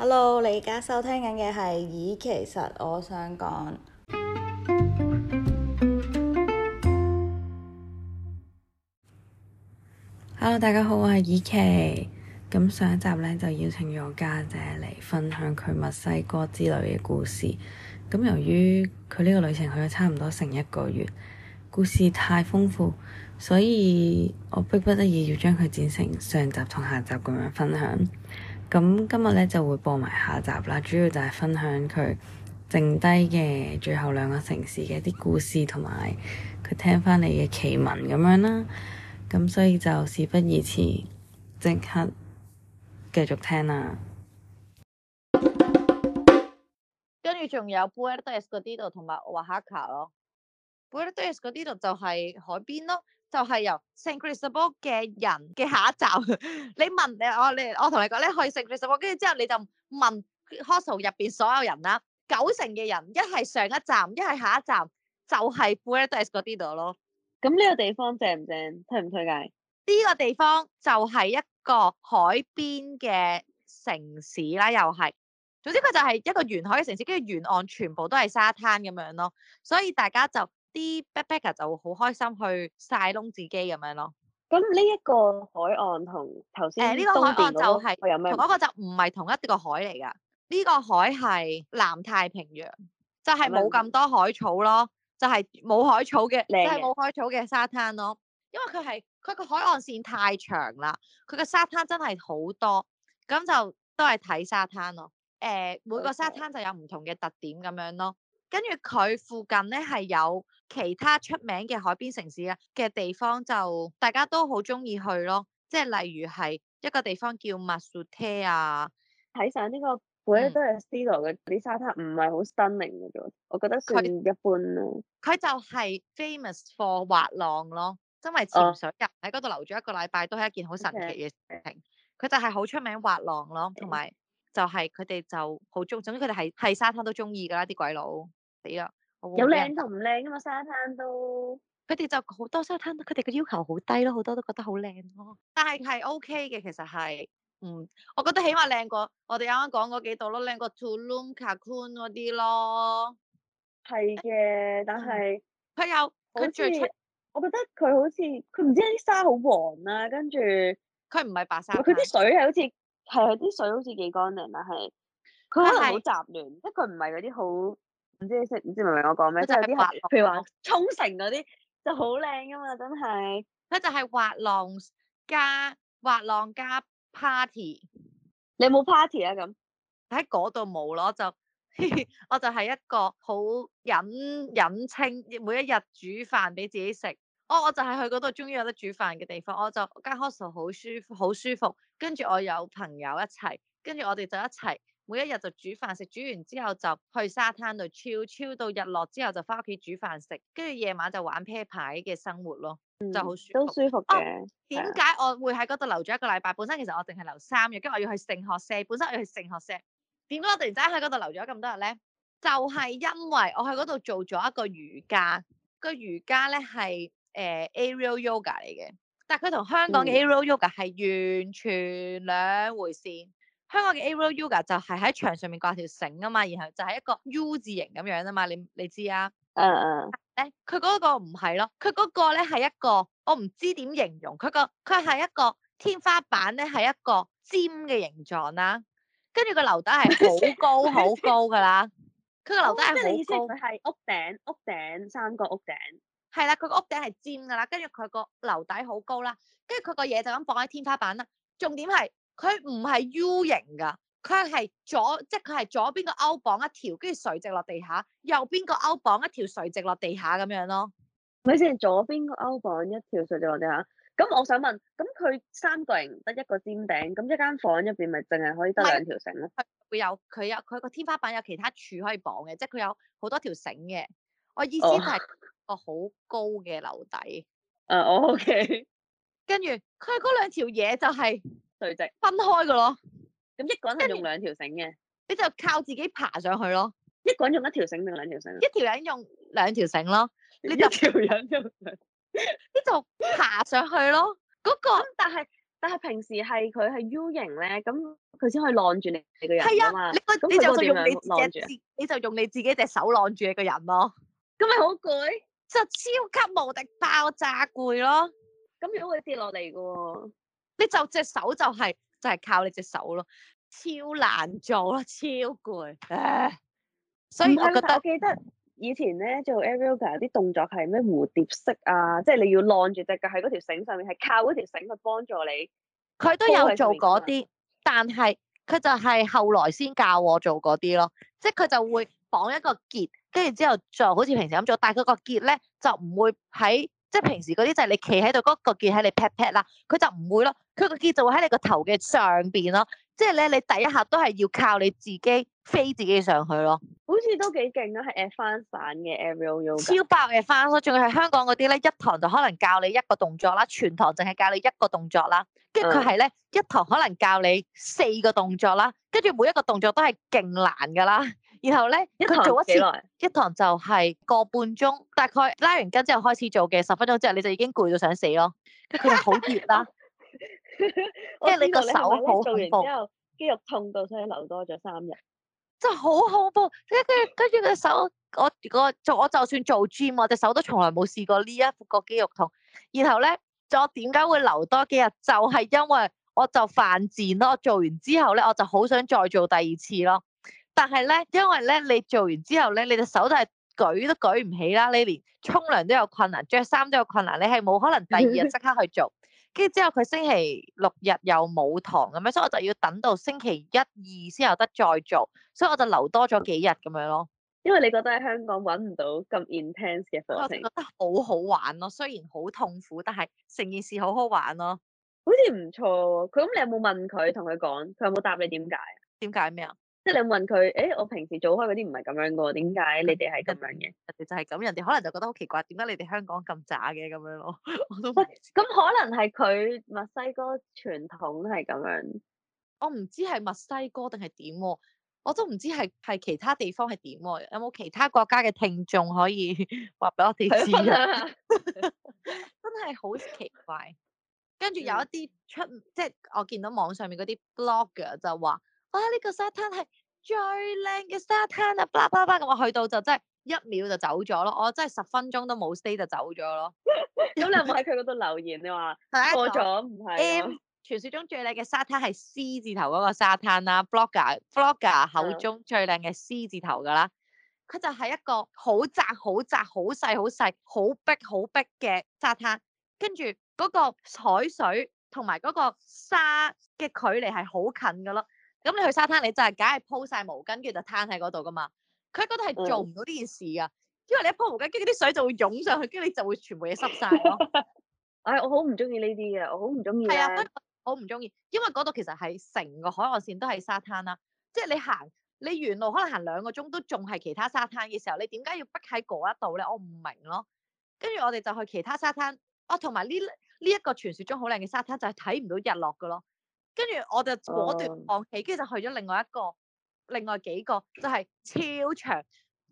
Hello，你而家收聽緊嘅係以其實我想講。Hello，大家好，我係以奇。咁上一集呢，就邀請咗我家姐嚟分享佢墨西哥之旅嘅故事。咁由於佢呢個旅程去咗差唔多成一個月，故事太豐富，所以我迫不得已要將佢剪成上集同下集咁樣分享。咁今日咧就會播埋下集啦，主要就係分享佢剩低嘅最後兩個城市嘅一啲故事，同埋佢聽翻嚟嘅奇聞咁樣啦。咁所以就事不宜遲，即刻繼續聽啦。跟住仲有 Puerto Escondido 嗰啲度，同埋 Oaxaca 咯。Puerto Escondido 嗰啲度就係海邊咯。就係由 San Cristóbal 嘅人嘅下一站， 你問我你我你我同你講，你去 San Cristóbal 跟住之後你就問 Hostel 入邊所有人啦，九成嘅人一係上一站，一係下一站，下一站就係、是、Puerto Escondido 咯。咁呢個地方正唔正？推唔推介？呢個地方就係一個海邊嘅城市啦，又係，總之佢就係一個沿海嘅城市，跟住沿岸全部都係沙灘咁樣咯，所以大家就～啲 backpacker 就好開心去晒窿自己咁樣咯。咁呢一個海岸同頭先誒呢個海岸就係、是哦、同一個就唔係同一個海嚟噶。呢、這個海係南太平洋，就係冇咁多海草咯，就係、是、冇海草嘅，即係冇海草嘅沙灘咯。因為佢係佢個海岸線太長啦，佢個沙灘真係好多，咁就都係睇沙灘咯。誒、呃、Okay. 每個沙灘就有唔同嘅特點咁樣咯，跟住佢附近咧係有。其他出名嘅海邊城市嘅地方就大家都好中意去咯，即係例如係一個地方叫密 a l d 啊，睇晒呢個，嗰啲都係 C 洛嘅啲沙灘唔係好新 t u 嘅啫，我覺得算一般咯。佢就係 famous for 滑浪咯，真為潛水入喺嗰度留咗一個禮拜都係一件好神奇嘅事情。佢 Okay. 就係好出名滑浪咯，同埋、嗯、就係佢哋就好中，總之佢哋係喺沙灘都中意㗎啦，啲鬼佬死啦！有靚就唔靚啊嘛，沙灘都，佢哋就好多沙灘，佢哋嘅要求好低咯，好多都覺得好靚咯。但係係 OK 嘅，其實係，嗯，我覺得起碼靚過我哋啱啱講嗰幾度 ung, 咯，靚過 Tulum、Caracol 嗰啲咯。係嘅，但係佢、嗯、有，跟住像，我覺得佢好似佢唔知啲沙好黃啦、啊，跟住佢唔係白沙。佢啲水係好似係佢啲水好似幾乾淨啦，係，佢可能好,好雜亂，即係佢唔係嗰啲好。唔知你識唔知明唔明我講咩？即係啲滑浪，浪譬如話沖繩嗰啲就好靚噶嘛，真係。佢就係滑浪加滑浪加 party。你冇 party 啊？咁喺嗰度冇咯，就 我就係一個好隱隱清，每一日煮飯俾自己食。哦，我就係去嗰度，終於有得煮飯嘅地方。我就間 house 好舒服，好舒服。跟住我有朋友一齊，跟住我哋就一齊。每一日就煮飯食，煮完之後就去沙灘度超超到日落，之後就返屋企煮飯食，跟住夜晚就玩啤牌嘅生活咯，嗯、就好舒服，都舒服嘅。點解、oh, 的我會喺嗰度留咗一個禮拜？本身其實我淨係留三日，跟住我要去聖荷西，本身我要去聖荷西。點解我突然之間喺嗰度留咗咁多日咧？就係、是、因為我喺嗰度做咗一個瑜伽，個瑜伽咧係誒、呃、Aerial Yoga 嚟嘅，但係佢同香港嘅 Aerial Yoga 係完全兩回事。嗯香港嘅 Aero Yoga 就係喺牆上面掛條繩啊嘛，然後就係一個 U 字形咁樣啊嘛，你你知啊？嗯嗯、uh,。咧佢嗰個唔係咯，佢嗰個咧係一個我唔知點形容，佢、嗰個佢係一個天花板咧係一個尖嘅形狀啦，跟住個樓底係好高好 高噶啦，佢個 樓底係好高。咩意思？ 佢係屋頂屋頂三個屋頂。係啦，佢個屋頂係尖噶啦，跟住佢個樓底好高啦，跟住佢個嘢就咁放喺天花板啦。重點係。佢唔係 U 型噶，佢係左即係佢係左邊個勾綁一條，跟住垂直落地下，右邊個勾綁一條垂直落地下咁樣咯。咪先，左邊個勾綁一條垂直落地下。咁我想問，咁佢三角形得一個尖頂，咁一間房入邊咪淨係可以得兩條繩咯？佢有佢有佢個天花板有其他柱可以綁嘅，即係佢有好多條繩嘅。我意思係個好高嘅樓底。我 OK 跟住佢嗰兩條嘢就係、是。對直分開嘅咯，咁一個人係用兩條繩嘅，你就靠自己爬上去咯。一個人用一條繩定兩條繩？一條人用兩條繩咯，一條人用兩條，呢 就爬上去咯。嗰、那個但係但係平時係佢係 U 型咧，咁佢先可以晾住你你個人啊嘛。係啊，你你你就用你自己隻你,你就用你自己隻手晾住你個人咯。咁咪好攰，就超級無敵爆炸攰咯。咁如果佢跌落嚟嘅喎？你就隻手就係、是、就係、是、靠你隻手咯，超難做咯，超攰。唉、啊，所以我覺得，我記得以前咧做 Aerial 啲動作係咩蝴蝶式啊，即、就、係、是、你要晾住隻腳喺嗰條繩上面，係靠嗰條繩去幫助你。佢都有做嗰啲，但係佢就係後來先教我做嗰啲咯。即係佢就會綁一個結，跟住之後做好似平時咁做，但係佢個結咧就唔會喺。即係平時嗰啲就係你企喺度嗰個鍵喺你 pat pat 啦，佢就唔會咯，佢個鍵就會喺你個頭嘅上邊咯。即係咧，你第一下都係要靠你自己飛自己上去咯。好似都幾勁咯，係 advanced 嘅 Aerial Yoga 超爆 f 翻，所以仲要係香港嗰啲咧，一堂就可能教你一個動作啦，全堂淨係教你一個動作啦，跟住佢係咧一堂可能教你四個動作啦，跟住每一個動作都係勁難㗎啦。然後咧，一堂做一次幾耐？一堂就係個半鐘，大概拉完筋之後開始做嘅十分鐘之後，你就已經攰到想死咯。佢 就好熱啦，即係 你個手好痛，肌肉痛到所以留多咗三日，真係好恐怖。跟住跟住嗰手，我個我，我，我就算做 gym，我隻手都從來冇試過呢一副個肌肉痛。然後咧，後我點解會多多留多幾日？就係、是、因為我就犯賤咯。做完之後咧，我就好想再做第二次咯。但係咧，因為咧你做完之後咧，你隻手都係舉都舉唔起啦。你連沖涼都有困難，着衫都有困難。你係冇可能第二日即刻去做，跟住 之後佢星期六日又冇堂咁樣，所以我就要等到星期一二先有得再做。所以我就留多咗幾日咁樣咯。因為你覺得喺香港揾唔到咁 intense 嘅課程，覺得好好玩咯。雖然好痛苦，但係成件事好好玩咯。好似唔錯喎。佢咁，你有冇問佢同佢講？佢有冇答你點解啊？點解咩啊？即係你問佢，誒、欸，我平時做開嗰啲唔係咁樣噶喎，點解你哋係咁樣嘅？人哋就係咁，人哋可能就覺得好奇怪，點解你哋香港咁渣嘅咁樣咯？我都咁 可能係佢墨西哥傳統係咁樣。我唔知係墨西哥定係點，我都唔知係係其他地方係點喎。有冇其他國家嘅聽眾可以話 俾我哋知 真係好奇怪。 跟住有一啲出即係我見到網上面嗰啲 blog 就話。哇！呢、啊這個沙灘係最靚嘅沙灘啊，巴拉巴拉咁我去到就真係一秒就走咗咯，我真係十分鐘都冇 stay 就走咗咯。咁 你有冇喺佢嗰度留言過？你話係啊？過咗唔係。M 傳說中最靚嘅沙灘係 C 字頭嗰個沙灘啦，Vlogger Yeah. Vlogger 口中最靚嘅 C 字頭噶啦，佢就係一個好窄,窄、好窄、好細、好細、好逼、好逼嘅沙灘，跟住嗰個海水同埋嗰個沙嘅距離係好近噶咯。咁你去沙灘，你就係梗係鋪晒毛巾，跟住就攤喺嗰度噶嘛？佢嗰度係做唔到呢件事噶，嗯、因為你一鋪毛巾，跟住啲水就會湧上去，跟住你就會全部嘢濕晒咯。唉、 哎，我好唔中意呢啲嘅，我好唔中意。係啊，好唔中意，因為嗰度其實係成個海岸線都係沙灘啦、啊，即係你行，你沿路可能行兩個鐘都仲係其他沙灘嘅時候，你點解要逼喺嗰一度咧？我唔明咯。跟住我哋就去其他沙灘，哦，同埋呢呢一個傳說中好靚嘅沙灘就係睇唔到日落噶咯。跟住我就果斷放棄，跟住就去咗另外一個、另外幾個，就係、是、超長，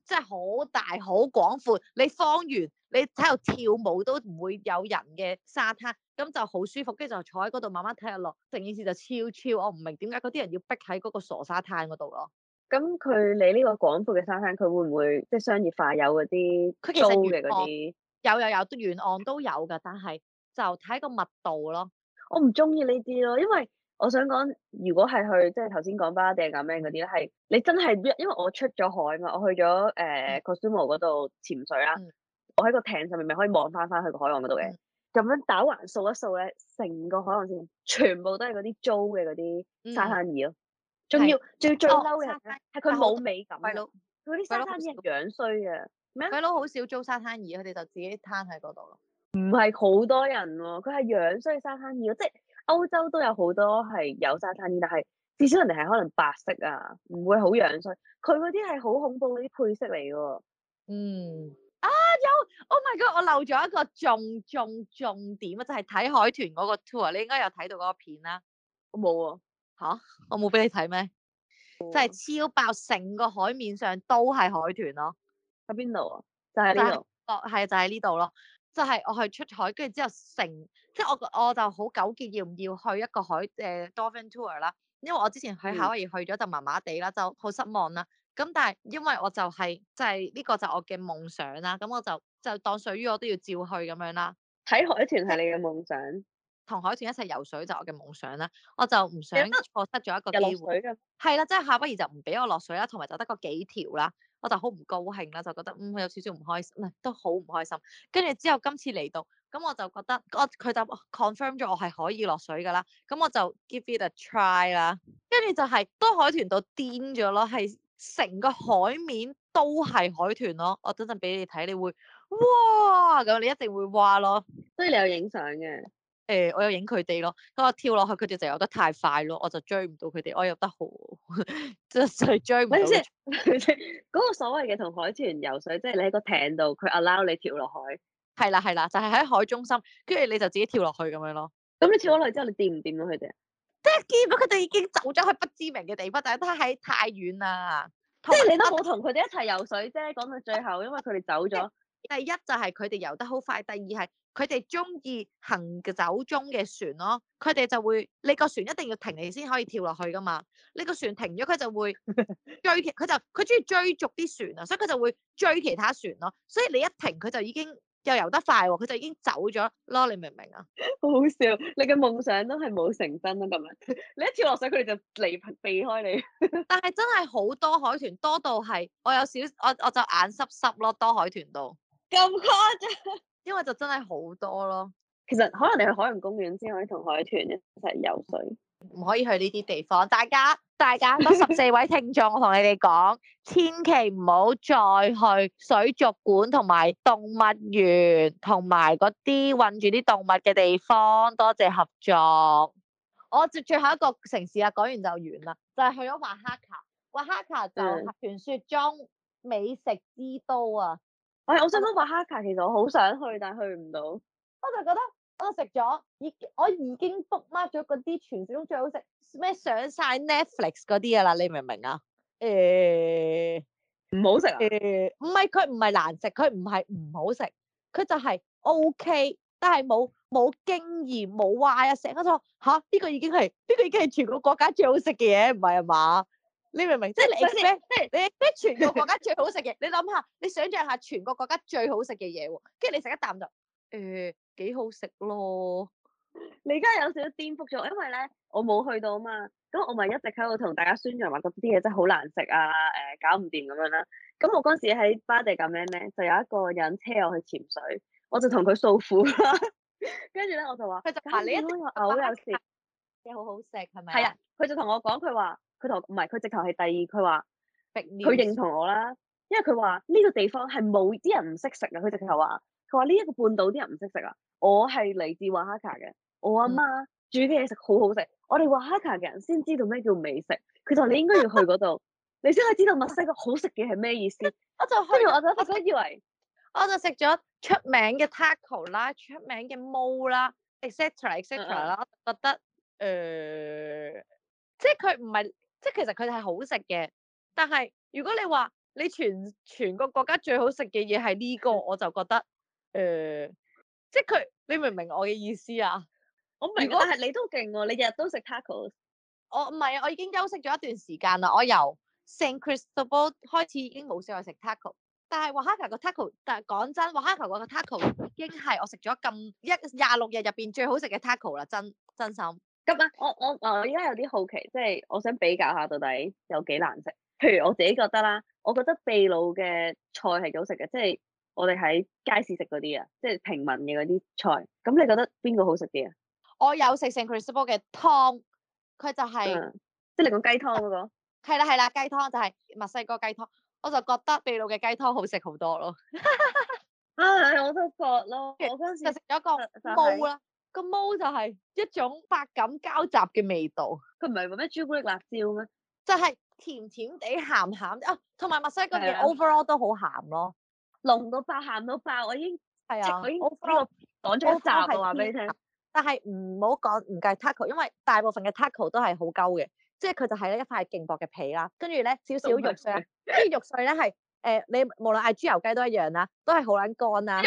即係好大、好廣闊，你方圓你喺度跳舞都唔會有人嘅沙灘，咁就好舒服。跟住就坐喺嗰度慢慢睇日落，成件事就超超。我唔明點解嗰啲人要逼喺嗰個傻沙灘嗰度咯。咁佢你呢個廣闊嘅沙灘，佢會唔會即係、就是、商業化有嗰啲租嘅嗰啲？有有有，都沿岸都有㗎，但係就睇個密度咯。我唔中意呢啲咯，因為。我想講，如果係去即係頭先講巴打定甲咩嗰啲咧，係你真係，因為我出咗海嘛，我去咗誒個珊瑚嗰度潛水啦，我喺個艇上面咪可以望翻翻去個海岸嗰度嘅，咁樣打環數一數咧，成個海岸線全部都係嗰啲租嘅嗰啲沙灘椅咯，仲要最最嬲嘅係佢冇美感，佢啲沙灘椅係樣衰嘅，咪咯，好少租沙灘椅，佢哋就自己攤喺嗰度咯，唔係好多人喎，佢係樣衰沙灘椅即係。歐洲都有好多係有沙灘椅，但係至少人哋係可能白色啊，唔會好樣衰。佢嗰啲係好恐怖嗰啲配色嚟嘅。嗯，啊有，Oh my God！我漏咗一個重重重點，就是、our，啊，就係睇海豚嗰個 tour，你應該有睇到嗰個片啦。我冇喎，吓、嗯？我冇俾你睇咩？即係超爆，成個海面上都係海豚咯，啊。喺邊度啊？就喺呢度，哦，就是，係就喺呢度咯。就係我去出海，跟住之後成，即係我我就好糾結，要唔要去一個海誒，呃，dolphin tour 啦，因為我之前去夏威夷去咗就麻麻地啦，就好失望啦。咁但係因為我就係就係呢個就我嘅夢想啦，咁我就就當水魚我都要照去咁樣啦。睇海豚係你嘅夢想，同海豚一齊游水就我嘅夢想啦。我就唔想錯失咗一個機會。係啦，即係夏威夷就唔俾我落水啦，同埋就得個幾條啦。我就好唔高興啦，就覺得嗯有少少唔開心，唔、嗯、都好唔開心。跟住之後今次嚟到。咁我就覺得就我佢就 confirm 咗我係可以落水噶啦，咁我就 give it a try 啦。跟住就係、是、都海豚到癲咗咯，係成個海面都係海豚咯。我等陣俾你睇，你會哇咁，你一定會哇咯。所以你有影相嘅？誒、欸，我有影佢哋咯，咁我跳落去，佢哋就游得太快咯，我就追唔到佢哋，我又得好、 那個，即係追唔到。喂，先，嗰個所謂嘅同海豚游水，即係你喺個艇度，佢 allow 你跳落海，係啦係啦，就係、是、喺海中心，跟住你就自己跳落去咁樣咯。咁你跳落去之後，你掂唔掂到佢哋？即係幾乎佢哋已經走咗去不知名嘅地方，但係都喺太遠啦。即係你都冇同佢哋一齊游水啫。講到最後，因為佢哋走咗。第一就係佢哋游得好快，第二係佢哋中意行嘅走中嘅船咯，佢哋就會你個船一定要停你先可以跳落去㗎嘛，你個船停咗佢就會追佢就佢中意追逐啲船啊，所以佢就會追其他船咯、啊，所以你一停佢就已經又游得快喎，佢就已經走咗咯，你明唔明啊？好好笑，你嘅夢想都係冇成真啦咁樣，你一跳落水佢哋就離避開你。 但係真係好多海豚多到係，我有少少我我就眼濕濕咯，多海豚度。咁誇張，誇張 因為就真係好多咯。其實可能你去海洋公園先可以同海豚一齊、就是、游水，唔可以去呢啲地方。大家大家，十四位聽眾，我同你哋講，千祈唔好再去水族館同埋動物園同埋嗰啲困住啲動物嘅地方。多謝，謝合作。我接最後一個城市啊，講完就完啦，就係、是、去咗華哈卡。華哈卡就傳說中美食之都啊。哎、我我想講 Oaxaca，其實我好想去，但係去唔到。我就覺得，我就食咗已，我已經 book mark 咗嗰啲傳説中最好食咩上晒 Netflix 嗰啲嘅啦。你明唔明啊？誒、欸，唔好食啊？誒、唔係佢唔係難食，佢唔係唔好食，佢就係 OK，但係冇冇經驗，冇話呀食。我話嚇呢個已經係呢、呢個已經係全個國家最好食嘅嘢，唔係呀嘛？你明唔明？即係你即係即係你即係全國國家最好食嘅，你諗下，你想象下全國國家最好食嘅嘢喎，跟住你食一啖就，誒、欸，幾好食咯。你而家有少少顛覆咗，因為咧我冇去到啊嘛，咁我咪一直喺度同大家宣揚話嗰啲嘢真係好難食啊，誒、欸，搞唔掂咁樣啦。咁我嗰時喺巴地咁樣咧，就有一個人車我去潛水，我就同佢訴苦啦。跟住咧我就話，佢就嗱你一直嘔、嗯啊、有事，嘢好好食係咪？係啊，佢就同我講佢話。唔係佢直頭係第二，佢話佢認同我啦，因為佢話呢個地方係冇啲人唔識食啊。佢直頭話，佢話呢一個半島啲人唔識食啊。我係嚟自瓦哈卡嘅，我阿媽，媽煮啲嘢食好好食。嗯、我哋瓦哈卡嘅人先知道咩叫美食。佢就話你應該要去嗰度， 你先可以知道墨西哥好食嘅係咩意思。 我就跟去住我就覺得以為，我就食咗出名嘅 taco 啦，出名嘅 mole 啦，et cetera、et cetera、uh、啦，uh. 我覺得誒、呃，即係佢唔係。即係其實佢哋係好食嘅，但係如果你話你全全個國家最好食嘅嘢係呢個，我就覺得誒、呃，即係佢，你明唔明我嘅意思啊？我明。如果係你都勁喎、哦，你日日都食 tacos，我唔係啊，我已經休息咗一段時間啦。我由 San Cristóbal 開始已經冇試過食 taco，但係瓦哈卡個 taco，但係講真，瓦哈卡個個 taco 已經係我食咗咁一廿六日入邊最好食嘅 taco 啦，真真心。咁啊，我我我依家有啲好奇，即係我想比較下到底有幾難食。譬如我自己覺得啦，我覺得秘魯嘅菜係幾好食嘅，即係我哋喺街市食嗰啲啊，即係平民嘅嗰啲菜。咁你覺得邊個好食啲啊？我有食成聖克里斯多嘅湯，佢就係即係你講雞湯嗰個。係啦係啦，雞湯就係墨西哥雞湯，我就覺得秘魯嘅雞湯好食好多咯。唉 啊，我都覺咯，我嗰時就食咗個煲啦。就是個毛就係一種百感交集嘅味道。佢唔係話咩朱古力辣椒咩？就係甜甜地、鹹鹹啊，同埋墨西哥嘢 overall 都好鹹咯，濃到爆、鹹到爆。我已經係啊，我已經講出一集嚟話俾你聽。但係唔好講唔計 taco，因為大部分嘅 taco 都係好鳩嘅，即係佢就係咧一塊勁薄嘅皮啦，跟住咧少少肉碎，啲肉碎咧係誒你無論嗌豬油雞都一樣啦，都係好撚乾啦，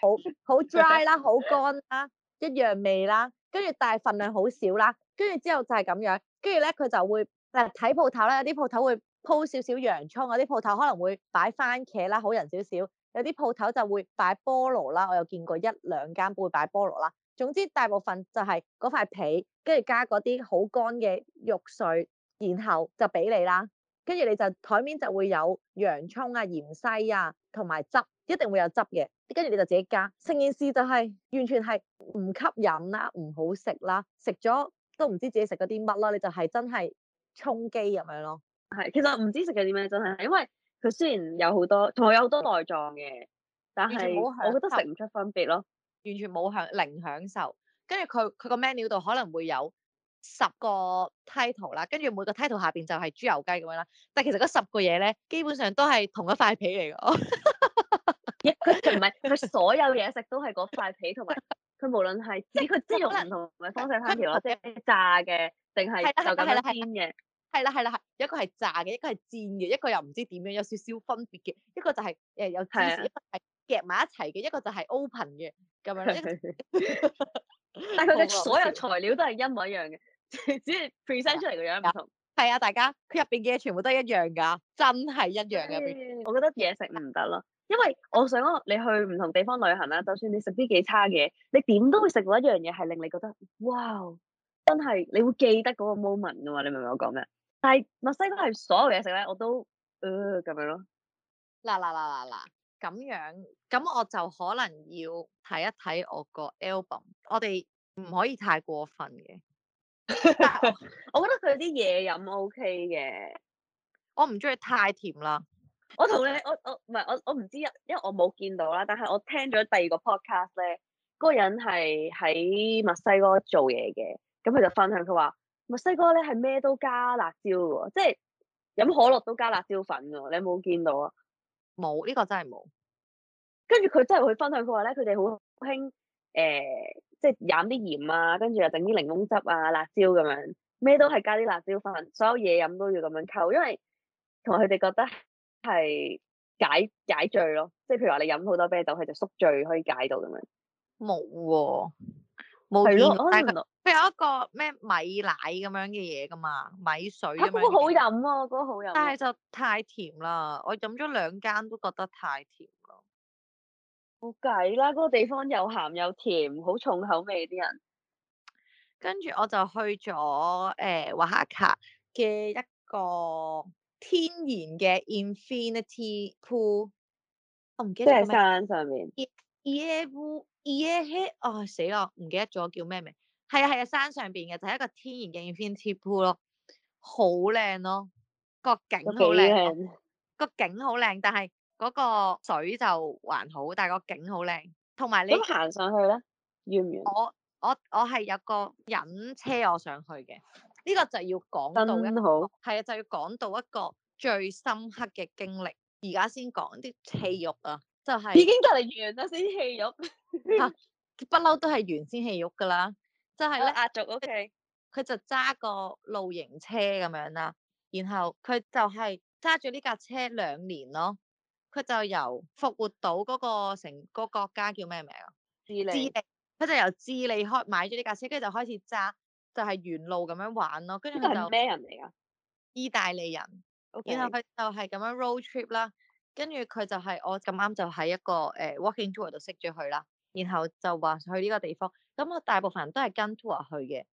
好好 dry 啦，好乾啦。一樣味啦，跟住但係份量好少啦，跟住之後就係咁樣，跟住咧佢就會嗱睇鋪頭咧，有啲鋪頭會鋪少少洋葱，有啲鋪頭可能會擺番茄啦，好人少少，有啲鋪頭就會擺菠蘿啦，我有見過一兩間會擺菠蘿啦。總之大部分就係嗰塊皮，跟住加嗰啲好乾嘅肉碎，然後就俾你啦，跟住你就台面就會有洋葱啊、芫茜啊同埋汁。一定會有汁嘅，跟住你就自己加。成件事就係完全係唔吸引啦，唔好食啦，食咗都唔知自己食咗啲乜啦。你就係真係充飢咁樣咯。係，其實唔知食緊啲咩，真係，因為佢雖然有好多同埋有好多內臟嘅，但係我覺得食唔出分別咯，完全冇享零享受。跟住佢佢個 menu 度可能會有十個 title 啦，跟住每個 title 下邊就係豬油雞咁樣啦。但其實嗰十個嘢咧，基本上都係同一塊皮嚟㗎。 咦，佢唔係，佢所有嘢食都係嗰塊皮， 同埋佢無論係只佢雞肉唔同嘅方式烹調或者炸嘅，定係就咁煎嘅，係啦係啦係，一個係炸嘅，一個係煎嘅，一個又唔知點樣，有少少分別嘅，一個就係、是、誒、欸、有芝士夾埋對 的一齊嘅，一個就係 open 嘅咁樣， 但係佢嘅所有材料都係一模一樣嘅，只係 present 出嚟嘅樣唔同。係啊，大家佢入邊嘅嘢，全部都係一樣噶真係一樣入邊。我覺得嘢食唔得咯，因為我想你去唔同地方旅行啦，就算你食啲幾差嘅，你點都會食到一樣嘢，係令你覺得哇，真係你會記得嗰個 moment 噶嘛？你明唔明我講咩？但係墨西哥係所有嘢食咧，我都誒咁樣咯，嗱嗱嗱嗱嗱，咁樣咁我就可能要睇一睇我個 album。我哋唔可以太過分嘅。 我覺得佢啲嘢飲 OK 嘅，我唔中意太甜啦。我同你，我我唔係我我唔知，因因為我冇見到啦。但係我聽咗第二個 podcast 咧，嗰個人係喺墨西哥做嘢嘅，咁佢就分享佢話墨西哥咧係咩都加辣椒嘅喎，即係飲可樂都加辣椒粉嘅喎。你有冇見到啊？冇，呢個真係冇。跟住佢真係去分享佢話咧，佢哋好興誒。欸即係飲啲鹽啊，跟住又整啲檸檬汁啊、辣椒咁樣，咩都係加啲辣椒粉。所有嘢飲都要咁樣溝，因為同佢哋覺得係解解醉咯。即係譬如話你飲好多啤酒，佢就宿醉可以解到咁樣。冇喎、哦，冇見。佢有的是一個咩米奶咁樣嘅嘢㗎嘛，米水咁好飲啊，嗰個好飲啊。但係就太甜啦，我飲咗兩間都覺得太甜。冇計啦，嗰、那個地方又鹹又甜，好重口味啲人。跟住我就去咗誒，瓦哈卡嘅一個天然嘅 infinity pool。我唔記得。即係山上面。E A V E A H，唉死啦，唔記得咗叫咩名？係啊係啊，山上邊嘅就係、是、一個天然嘅 infinity pool 咯，好靚咯，個景好靚、哦，個景好靚，但係。嗰個水就還好，但係個景好靚，同埋你行上去咧，完唔完？我我我係有個引車我上去嘅，呢個就要講到一個係啊，就要講到一個最深刻嘅經歷。而家先講啲戲肉啊，就係已經隔離完啦先戲肉嚇，不嬲都係原先戲肉噶啦，就係咧。壓軸屋企。佢就揸個露營車咁樣啦，然後佢就係揸住呢架車兩年咯。佢就由復活島嗰個成、那個國家叫咩名啊？智利，佢就由智利開買咗呢架車，跟住就開始揸，就係、是、沿路咁樣玩咯。跟住佢就咩人嚟噶？意大利人。Okay. 然後佢就係咁樣 road trip 啦、就是，跟住佢就係我咁啱就喺一個誒、uh, walking tour 度識咗佢啦。然後就話去呢個地方，咁我大部分人都係跟 tour 去嘅。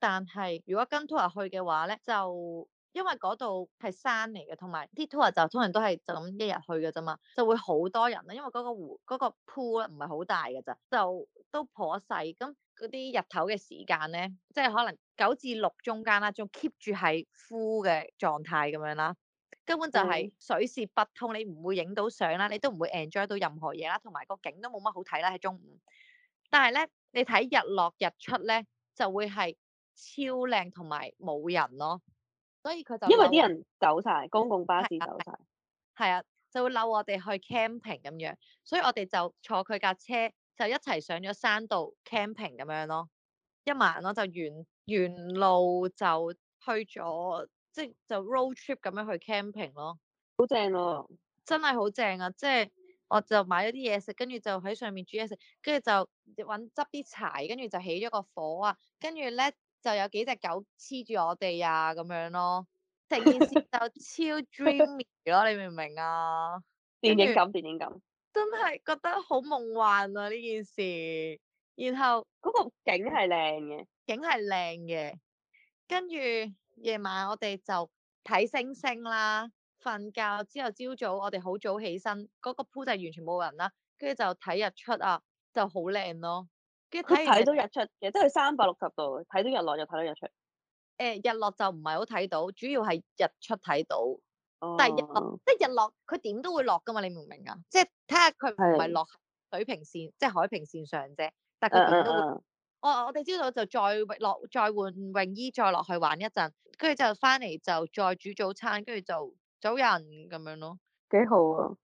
但係如果跟 tour 去嘅話咧，就～因為嗰度係山嚟嘅，同埋啲 tour 就通常都係就咁一日去嘅啫嘛，就會好多人啦。因為嗰個湖嗰個 pool 唔係好大嘅咋，就都頗細。咁嗰啲日頭嘅時間咧，即係可能九至六中間啦，仲 keep 住係 full 嘅狀態咁樣啦，根本就係水泄不通，你唔會影到相啦，你都唔會 enjoy 到任何嘢啦，同埋個景都冇乜好睇啦，喺中午。但係咧，你睇日落日出咧，就會係超靚同埋冇人咯。所以佢就因為啲人走晒，公共巴士走晒，係啊，啊，就會嬲我哋去 camping 咁樣，所以我哋就坐佢架車就一齊上咗山度 camping 咁樣咯，一晚咯，就沿沿路就去咗，即係就 road trip 咁樣去 camping 咯，好正喎，真係好正啊！即係、啊就係、我就買咗啲嘢食，跟住就喺上面煮嘢食，跟住就揾執啲柴，跟住就起咗個火啊，跟住咧。就有幾隻狗黐住我哋啊，咁樣咯，成件事就超 dreamy 咯， 你明唔明啊？電影感，電影感，真係覺得好夢幻啊呢件事。然後嗰個景係靚嘅，景係靚嘅。跟住夜晚我哋就睇星星啦，瞓覺之後朝早我哋好早起身，嗰個鋪就完全冇人啦，跟住就睇日出啊，就好靚咯。跟住睇到日出嘅，即係三百六十度睇到日落就睇到日出。誒、嗯、日落就唔係好睇到，主要係日出睇到。但係日即係日落，佢點、嗯、都會落㗎嘛？你明唔明啊？即係睇下佢唔係落水平線，的即係海平線上啫。但係佢點都會。Uh, uh, uh. 哦、我我哋朝早就再落再換泳衣，再落去玩一陣，跟住就翻嚟就再煮早餐，跟住就走人咁樣咯。幾好啊！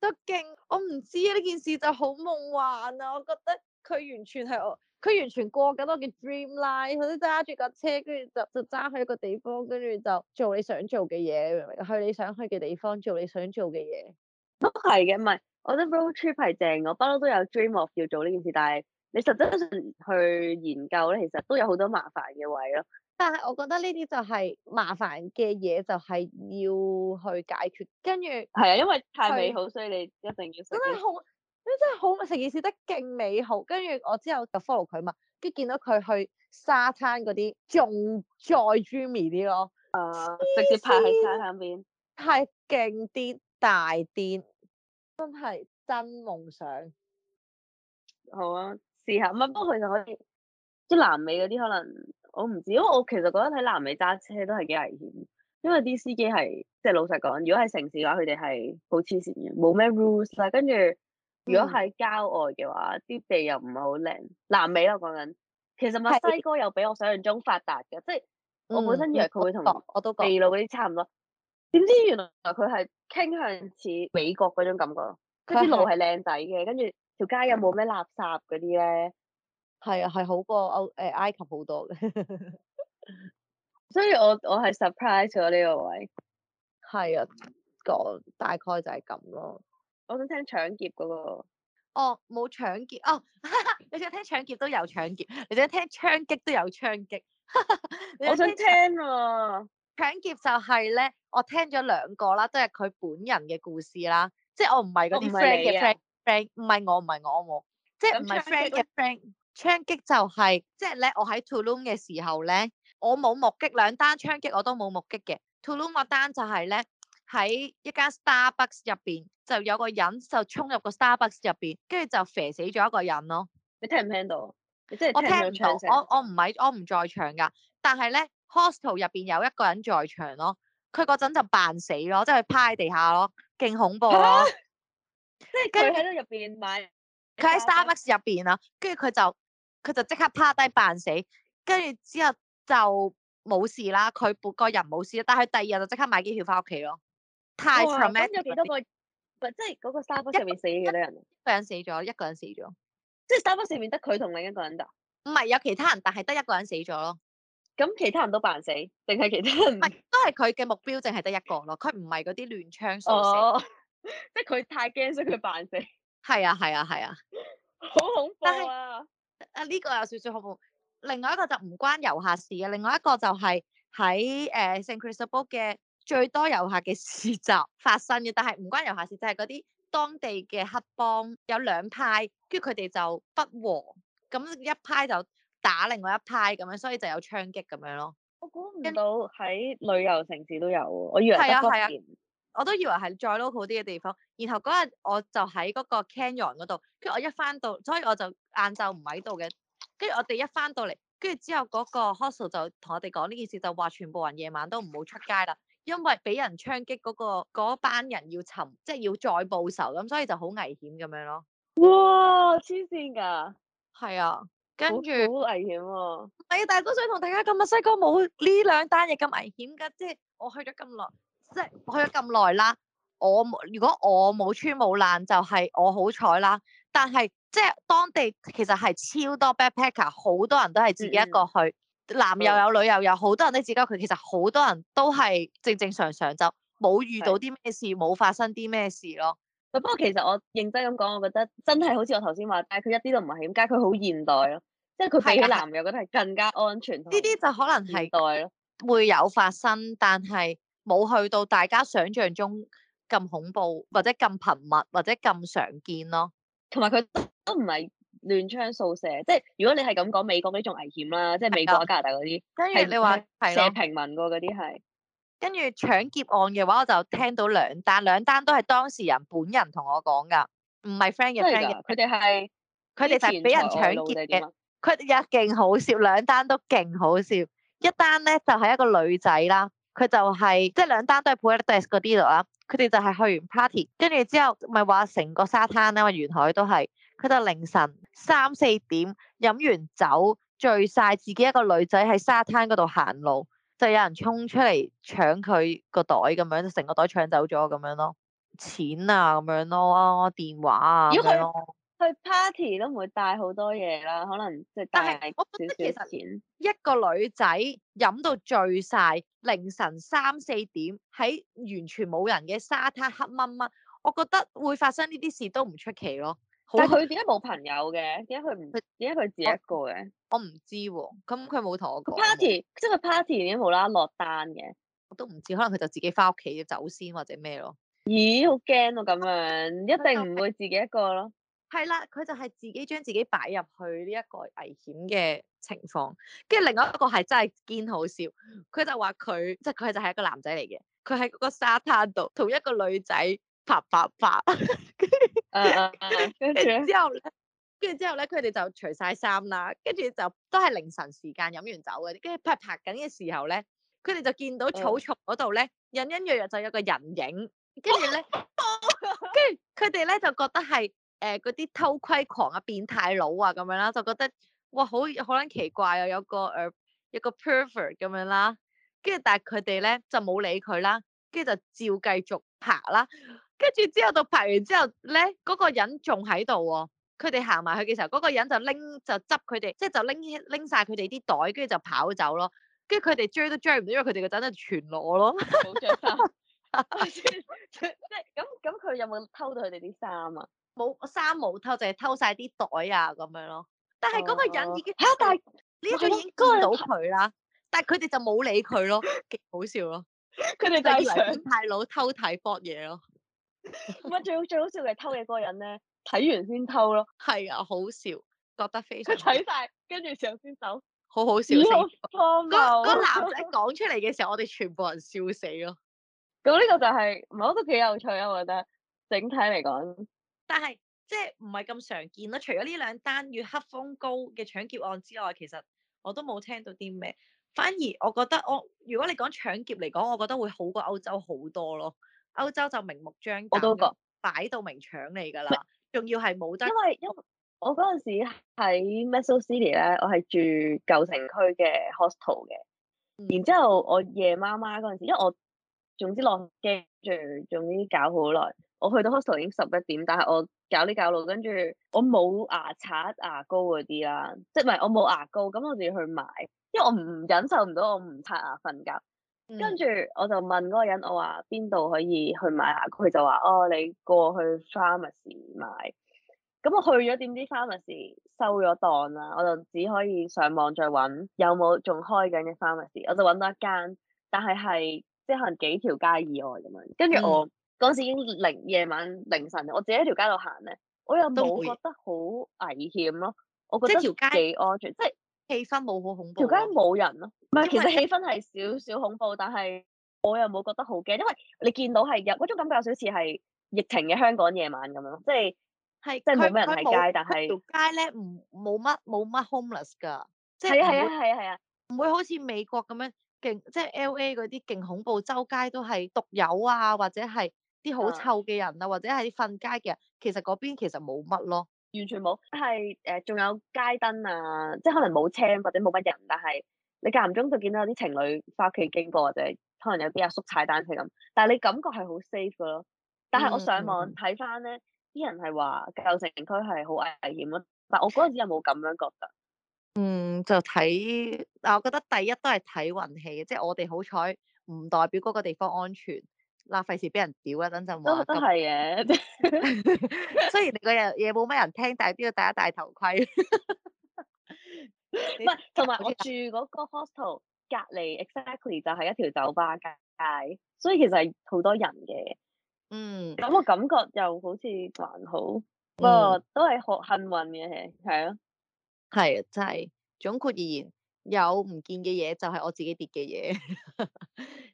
都勁，我唔知啊呢件事就好夢幻啊，我覺得。佢完全係我，佢完全過緊我嘅 dream life，佢都揸住架車，跟住就就揸去一個地方，跟住就做你想做嘅嘢，你明唔明？去你想去嘅地方，做你想做嘅嘢。都係嘅，唔係，我覺得 road trip 係正，我不嬲都有 dream of 要做呢件事，但係你實質上去研究咧，其實都有好多麻煩嘅位咯。但係我覺得呢啲就係麻煩嘅嘢，就係、是、要去解決，跟住係啊，因為太美好，所以你一定要。真真係好，成件事得勁美好。跟住我之後就 follow 佢嘛，跟住見到佢去沙灘嗰啲仲再 dreamy 啲咯，誒、呃，直接拍喺沙灘邊，太勁啲大啲，真係真夢想。好啊，試下。唔係，不過佢就可以，即係南美嗰啲可能我唔知，因為我其實覺得喺南美揸車都係幾危險，因為啲司機係即係老實講，如果喺城市嘅話，佢哋係好黐綫嘅，冇咩 rules 啦。跟住。如果喺郊外嘅話，啲地又唔係好靚。南美啦、我，講緊，其實墨西哥又比我想象中發達嘅，的即係我本身以為佢會同我，秘魯嗰啲差唔多，點知原來佢係傾向似美國嗰種感覺，是即係啲路係靚仔嘅，跟住條街又冇咩垃圾嗰啲咧。係啊，係好過歐誒、呃、埃及好多嘅， 所以我我係 surprise 咗呢、這個位。係啊，講大概就係咁咯。我想聽搶劫噶喎、哦，哦冇搶劫哦，你想聽搶劫都有搶劫，你想聽槍擊都有槍擊， 想聽我想聽喎、哦。搶劫就係咧，我聽咗兩個啦，都係佢本人嘅故事啦，即係我唔係嗰啲 friend 嘅 friend，唔係我唔係、啊、我我，我，即係唔係 friend 嘅 friend。槍擊就係、是，即係咧，我喺 Tulum 嘅時候咧，我冇目擊兩單槍擊我都冇目擊嘅，Tulum 嗰單就係咧。喺一間 Starbucks 入邊，就有個人就衝入個 Starbucks 入邊，跟住就射死咗一個人咯。你聽唔聽到？即係我聽唔到， 我我唔係我唔在場噶。但係咧，hostel 入邊有一個人在場咯。佢嗰陣就扮死咯，即係趴喺地下咯，勁恐怖咯。啊、即係佢喺度入邊買，佢喺 Starbucks 入邊啊。跟住佢就佢就即刻趴低扮死，跟住之後就冇事啦。佢嗰個人冇事，但係第二日就即刻買機票返屋企咯。太慘咩、哦？有幾多個？點即係嗰個 Starbucks 上面死幾多人，一人？一個人死咗，一個人死咗，即係 Starbucks 上面得佢同另一個人得。唔係，有其他人，但係得一個人死咗咯。咁其他人都扮死，定係其他人？唔係，都係佢嘅目標，淨係得一個咯。佢唔係嗰啲亂槍掃射，即係佢太驚所以佢扮死。係啊係啊係啊！好恐怖啊！啊呢、呢個有少少恐怖。另外一個就唔關遊客事嘅，另外一個就係喺誒聖克里斯托布嘅。最多遊客嘅事就發生嘅，但係唔關遊客事，就係嗰啲當地嘅黑幫有兩派，跟住佢哋就不和，咁一派就打另外一派咁樣，所以就有槍擊咁樣咯。我估唔到喺旅遊城市都有喎，我以為得福建，我都以為係、啊啊、再 local 啲嘅地方。然後嗰日我就喺嗰個 Canyon 嗰度，跟住我一翻到，所以我就晏晝唔喺度嘅。跟住我哋一翻到嚟，跟住之後嗰個 hostel 就同我哋講呢件事，就話全部人夜晚都唔好出街啦。因為俾人槍擊嗰個嗰班人要沉，即係要再報仇咁，所以就好危險咁樣咯。哇！黐線噶，係啊，跟住好，好危險喎、啊。唔係啊，但係都想同大家講墨西哥冇呢兩單嘢咁危險噶，即係我去咗咁耐，即係我去咗咁耐啦。我如果我冇穿冇爛就係我好彩啦。但係即係當地其實係超多 backpacker，好多人都係自己一個去。嗯男又有女又有，好多，多人都指交佢，其實好多人都係正正常常就冇遇到啲咩事，冇的發生啲咩事咯。的不過其實我認真咁講，我覺得真係好似我頭先話，但係佢一啲都唔係咁，點解佢好現代咯，即係佢比男又的覺得係更加安全。呢啲就可能係現代咯，會有發生，但係冇去到大家想象中咁恐怖或者咁頻密或者咁常見咯。同埋佢都唔係。亂槍掃射，即係如果你係咁講，美國嗰仲危險啦，即係美國的加拿大嗰啲，跟住你話射平民個嗰啲係。跟住搶劫案嘅話，我就聽到兩單，兩單都係當事人本人同我講噶，唔係 friend 嘅 friend 嘅，佢哋係，佢哋就係俾人搶劫嘅，佢哋又勁好笑，兩單都勁好笑，一單咧就係、是、一個女仔啦，佢就係、是，即係兩單都係 Puerto Escondido 啲度啦，佢哋就係去完 party，跟住之後咪話成個沙灘啦，沿海都係。佢就凌晨三四點飲完酒醉晒，自己一個女仔喺沙灘嗰度行路，就有人衝出嚟搶佢個袋咁樣，就成個袋搶走咗咁樣咯，錢啊咁樣咯，電話啊咁樣咯。如果佢去 party 都唔會帶好多嘢啦，可能即係帶少少錢。但係我覺得其實一個女仔飲到醉晒，凌晨三四點喺完全冇人嘅沙灘黑掹掹，我覺得會發生呢啲事都唔出奇咯。但佢點解冇朋友嘅？點解佢唔點解佢自己一個嘅？我唔知喎、啊，咁佢冇同我講他 party，即係佢 party 已經冇啦，落單嘅，我都唔知，可能佢就自己翻屋企，走先或者咩咯？咦，好驚啊！咁樣一定唔會自己一個咯。係啦、 啊，佢就係自己將自己擺入去呢一個危險嘅情況，跟住另外一個係真係堅好笑，佢就話佢即係佢就係、是、一個男仔嚟嘅，佢喺嗰個沙灘度同一個女仔啪啪啪。 跟住 之後呢，跟住之後咧，佢哋就除晒衫啦，跟住就都係凌晨時間飲完酒嘅，跟住拍拍緊嘅時候咧，佢哋就見到草叢嗰度咧隱隱約約就有個人影，跟住咧，跟住佢哋咧就覺得係誒嗰啲偷窺狂啊、變態佬啊咁樣啦，就覺得、呃、就覺得哇好好撚奇怪啊，有個誒一個、呃、個 pervert 咁樣啦，跟住但係佢哋咧就冇理佢啦，跟住就照繼續拍啦。跟住之後到拍完之後咧，嗰個人仲喺度喎。佢哋行埋去嘅時候，嗰個人就拎就執佢哋，即係就拎拎晒佢哋啲袋，跟住就跑走咯。跟住佢哋追都追唔到，因為佢哋嗰陣都全裸咯。冇着衫，即係咁咁，佢有冇偷到佢哋啲衫啊？冇衫冇偷，就係偷晒啲袋啊咁樣咯。但係嗰個人已經吓，但係呢種已經見到佢啦。但係佢哋就冇理佢咯，極好笑咯。佢哋就嚟啲太佬偷睇啪嘢咯。唔係最最好笑嘅偷嘢嗰個人咧，睇完先偷咯，係啊，好笑， 覺得非常。佢睇晒，跟住上先走，好 好笑死。 啊、慌慌 個男仔講出嚟嘅時候，我哋全部人笑死咯。咁 呢個就係、是，唔係我都幾有趣啊，我覺得整體嚟講。 但係即係唔係咁常見咯，除咗呢兩單月黑風高嘅搶劫案之外，其實我都冇聽到啲咩，反而我覺得我如果你講搶劫嚟講，我覺得會好過歐洲好多咯。歐洲就明目張膽，我都覺擺到明搶你噶啦，仲是要係冇得買。因為因為我嗰陣時喺 Mexico City 咧，我係住舊城區嘅 hostel 嘅，嗯、然之後我夜媽媽嗰陣時，因為我總之落機住，總之搞好耐，我去到 hostel 已經十一點，但係我搞呢搞路，跟住我冇牙刷牙膏嗰啲啦，即係唔係我冇牙膏，咁我哋要去買，因為我唔忍受唔到我唔刷牙瞓覺。跟住、嗯、我就問嗰個人，我話邊度可以去買啊？佢就話：哦，你過去 pharmacy 買。咁我去咗，點知 pharmacy 收咗檔啦，我就只可以上網再揾有冇仲開緊嘅 pharmacy。我就揾到一間，但係係即係可能幾條街以外咁樣。跟住我嗰陣、嗯、時已經零夜晚凌晨，我自己喺條街度行咧，我又冇覺得好危險咯。我覺得條街幾安全，即係、嗯。嗯氣氛冇好恐怖，條街冇人咯。唔係，為其實氣氛係少少恐怖，但係我又冇覺得好驚，因為你見到係有嗰種感覺，比較少似係疫情嘅香港夜晚咁樣，即係係是即係冇乜人喺街，但係是條街咧唔冇乜冇乜 homeless 噶，即係係啊係啊係啊唔會好似美國咁樣勁，即係 L A 嗰啲勁恐怖，周街都係毒友啊或者係啲好臭嘅人啊、嗯、或者係瞓街嘅人，其實嗰邊其實冇乜咯。完全冇，係誒仲有街燈啊，即係可能冇車或者冇乜人，但係你間唔中就見到有啲情侶翻屋企經過，或者可能有啲阿叔踩單車咁，但係你感覺係好 safe 噶咯。但係我上網睇翻咧，啲人係話舊城區係好危險咯。但係我嗰陣時有冇咁樣覺得？嗯，就睇，嗱，我覺得第一都係睇運氣，即係我哋好彩，唔代表嗰個地方安全。嗱，費事俾人屌啊！等陣話都都係嘅， 雖然你個日嘢冇乜人聽，但係都要戴一戴頭盔。唔 係你，同埋我住嗰個 hostel，隔籬 exactly 就係一條酒吧街，所以其實係好多人嘅。嗯。咁我感覺又好似還好，嗯、不過都係好幸運嘅，係啊。係、啊，真係。總括而言。有唔見嘅嘢就係、是、我自己跌嘅嘢，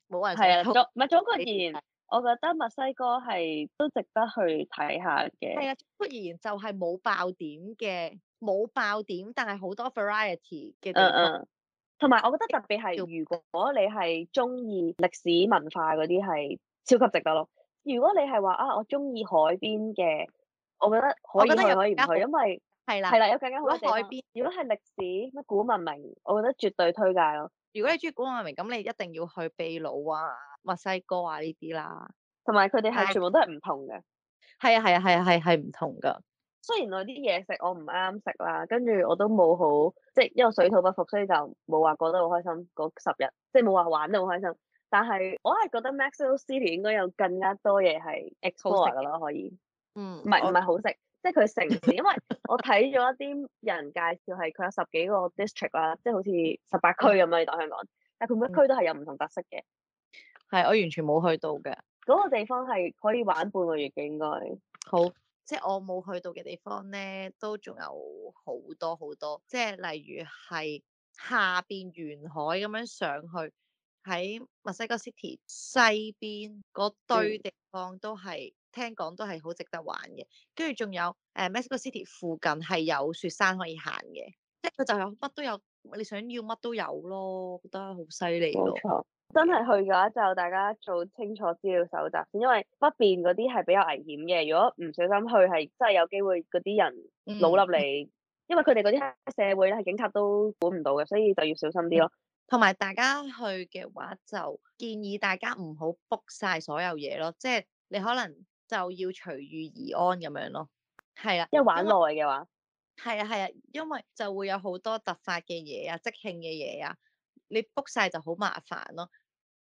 冇 人係想啊，仲唔係？總括而言，我覺得墨西哥係都值得去睇下嘅。係啊，總括而言，就係冇爆點嘅，冇爆點，但係好多 variety 嘅，嗯嗯。同埋、uh, uh. 啊，我覺得特別係如果你係中意歷史文化嗰啲，係超級值得咯。如果你係話啊，我中意海邊嘅，我覺得海邊可以去，可以唔去，因為。係啦，係啦，有更加好。咩海邊？如果係歷史咩古文明，我覺得絕對推介咯。如果你中意古文明，咁你一定要去秘魯啊、墨西哥啊呢啲啦。同埋佢哋係全部都係唔同嘅。係啊係啊係啊係係唔同㗎。雖然我啲嘢食我唔啱食啦，跟住我都冇好，即係因為水土不服，所以就冇話過得好開心嗰十日，即係冇話玩得好開心。但係我係覺得 Mexico City 應該有更加多嘢係 explore 㗎咯，可以。嗯。唔係唔係好食。即係佢城市，因為我睇咗一啲 人介紹，係佢有十幾個 district 啦、啊，即係好似十八區咁樣你當香港，但佢每一個區都係有唔同特色嘅。係，我完全冇去到嘅嗰個地方係可以玩半個月嘅應該。好，即係我冇去到嘅地方咧，都仲有好多好多，即係例如係下邊沿海咁樣上去，喺墨西哥 City 西邊嗰堆地方都係。聽講都係好值得玩嘅，跟住仲有誒 Mexico City 附近係有雪山可以行嘅，即係佢就有、是、乜都有，你想要乜都有咯，覺得好犀利。冇錯，真係去嘅話就大家做清楚資料搜集，因為北邊嗰啲係比較危險嘅，如果唔小心去係真係有機會嗰啲人老笠你，嗯、因為佢哋嗰啲社會咧，警察都管唔到嘅，所以就要小心啲咯。同埋、嗯、大家去嘅話就建議大家唔好 book 晒所有嘢咯，即係你可能。就要隨遇而安咁樣咯，係啊，一因為玩耐嘅話，係啊係啊，因為就會有好多突發嘅嘢啊，即興嘅嘢啊，你 book 晒就好麻煩咯，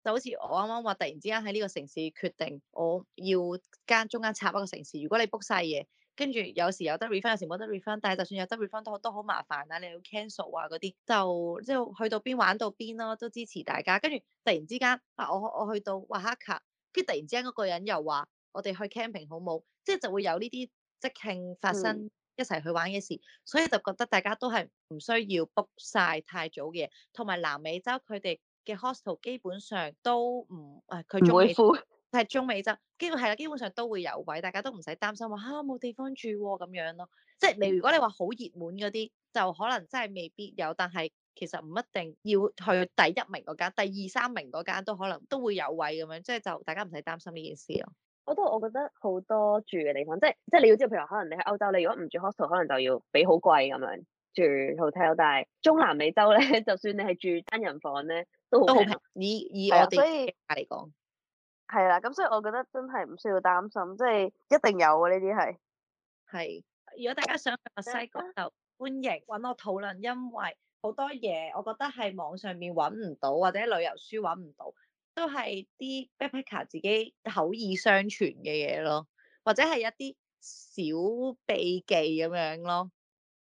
就好似我啱啱話，突然之間喺呢個城市決定我要間中間插一個城市，如果你 book 晒嘢，跟住有時有得 refund，有時冇得 refund，但係就算有得 refund 都都好麻煩啊，你要 cancel 啊嗰啲，就即係去到邊玩到邊咯，都支持大家。跟住突然之間啊，我我去到哇黑卡，跟住突然之間嗰個人又話。我哋去 camping 好冇？即係就會有呢啲即興發生、嗯、一齊去玩嘅事，所以就覺得大家都係唔需要 book 晒太早嘅嘢，同埋南美洲佢哋嘅 hostel 基本上都唔，誒佢中美，係中美洲，基本係啦，基本上都會有位，大家都唔使擔心話啊，冇地方住喎、啊、咁樣咯。即係你如果你話好熱門嗰啲，就可能真係未必有，但係其實唔一定要去第一名嗰間，第二三名嗰間都可能都會有位咁樣，即係就大家唔使擔心呢件事咯。我都我覺得好多住嘅地方，即係即係你要知道，譬如可能你喺歐洲，你如果唔住 hostel，可能就要畀好貴咁樣住 hotel。但係中南美洲咧，就算你係住單人房咧，都好平。以以我哋嚟講，係啦，咁所以、啊、所以我覺得真係唔需要擔心，即、就、係、是、一定有啊呢啲係。係，如果大家想去墨西哥、啊、就歡迎揾我討論，因為好多嘢我覺得係網上面揾唔到，或者旅遊書揾唔到。都係啲 backpacker 自己口耳相傳嘅嘢咯，或者係一啲小秘技咁樣咯。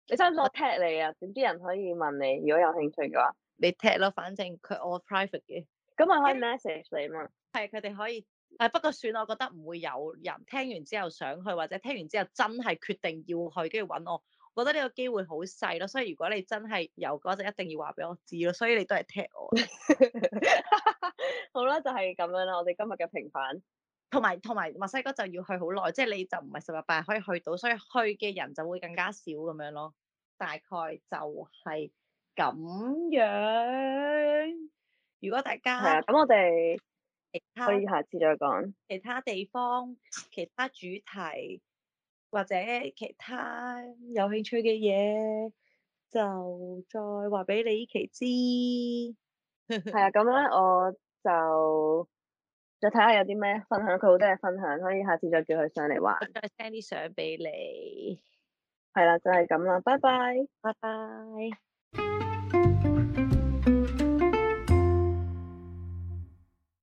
你收唔收我踢你啊？點啲人可以問你，如果有興趣嘅話，你踢 a 咯，反正佢我 private 嘅，咁我可以 message 你嘛。係，佢哋可以。誒，不過算啦，我覺得唔會有人聽完之後想去，或者聽完之後真係決定要去，跟住搵我。覺得呢個機會好細咯，所以如果你真係有嘅話，一定要話俾我知咯。所以你都係踢我。 好啦，就係咁樣啦。我哋今日嘅平反，同埋同埋墨西哥就要去好耐，即係你就唔係十日八日可以去到，所以去嘅人就會更加少咁樣咯。大概就係咁樣。如果大家係啊，咁我哋可以下次再講其他地方、其他主題。或者其他有興趣嘅嘢，就再話俾 Yeeling 知。係 啊，咁咧我就再睇下有啲咩分享，佢好多嘢分享，可以下次再叫佢上嚟玩，再 send 啲相俾你。係啦、 啊，就係、是、咁啦，拜拜， 拜拜。